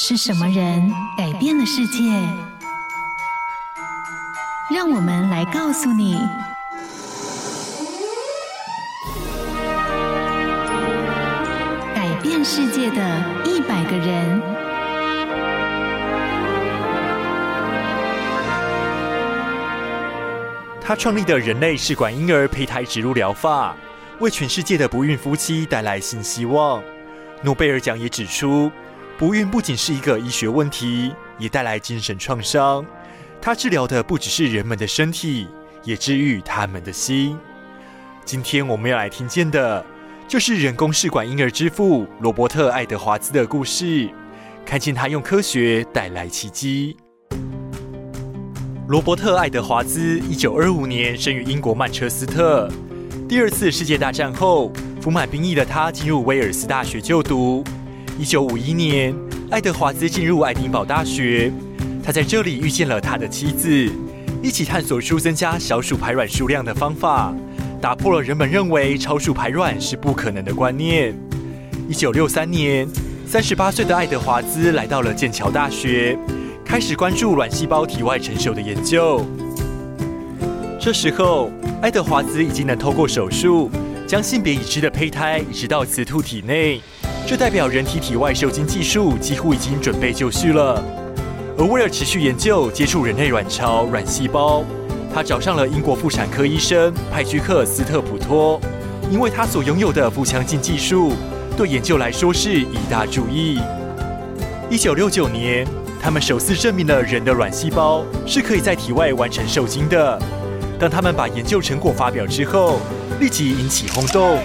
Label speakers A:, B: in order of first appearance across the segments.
A: 是什麼人改變了世界？讓我們來告訴你：改變世界的一百個人。他創立的人類試管嬰兒胚胎植入療法，為全世界的不孕夫妻帶來新希望。諾貝爾獎也指出，不孕不僅是一個醫學問題，也帶來精神創傷。他治療的不只是人們的身體，也治癒他們的心。今天我們要來聽見的，就是人工試管嬰兒之父羅伯特愛德華茲的故事，看見他用科學帶來奇蹟。羅伯特愛德華茲一九二五年生於英國曼徹斯特。第二次世界大戰後服滿兵役的他，進入威爾斯大學就讀。一九五一年，愛德華茲進入愛丁堡大學，他在這裡遇見了他的妻子，一起探索出增加小鼠排卵數量的方法，打破了人們認為超數排卵是不可能的觀念。一九六三年，三十八歲的愛德華茲來到了劍橋大學，開始關注卵細胞體外成熟的研究。這時候，愛德華茲已經能透過手術將性別已知的胚胎移植到雌兔體內。這代表人體體外受精技術幾乎已經準備就緒了。而為了持續研究、接觸人類卵巢卵細胞，他找上了英國婦產科醫生派居克斯特普托，因為他所擁有的腹腔鏡技術對研究來說是一大助力。一九六九年，他們首次證明了人的卵細胞是可以在體外完成受精的。當他們把研究成果發表之後，立即引起轟動。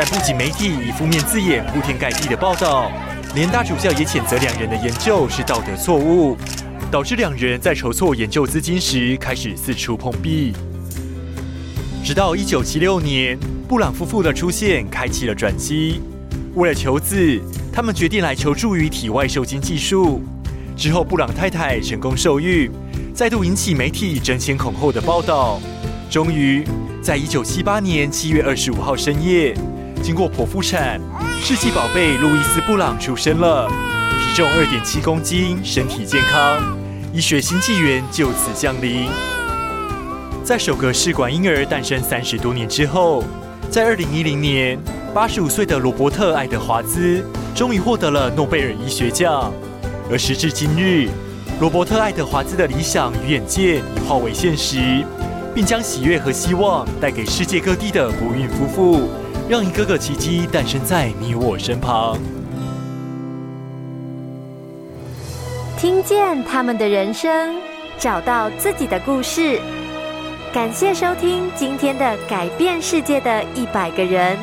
A: 但不僅媒體以負面字眼鋪天蓋地的報道，連大主教也譴責兩人的研究是道德錯誤，導致兩人在籌措研究資金時開始四處碰壁。直到一九七六年，布朗夫婦的出現開啟了轉機。為了求子，他們決定來求助於體外受精技術。之後，布朗太太成功受孕，再度引起媒體爭先恐後的報道。終於，在一九七八年七月二十五號深夜，經過剖腹產，世紀寶貝路易斯·布朗出生了，體重二點七公斤，身體健康。醫學新紀元就此降臨。在首個試管嬰兒誕生三十多年之後，在二零一零年，八十五歲的羅伯特·愛德華茲終於獲得了諾貝爾醫學獎。而時至今日，羅伯特·愛德華茲的理想與眼界已化為現實，並將喜悅和希望帶給世界各地的不孕夫婦。讓一個個奇蹟誕生在你我身旁。聽見他們的人生，找到自己的故事。感謝收聽今天的《改變世界的一百個人》。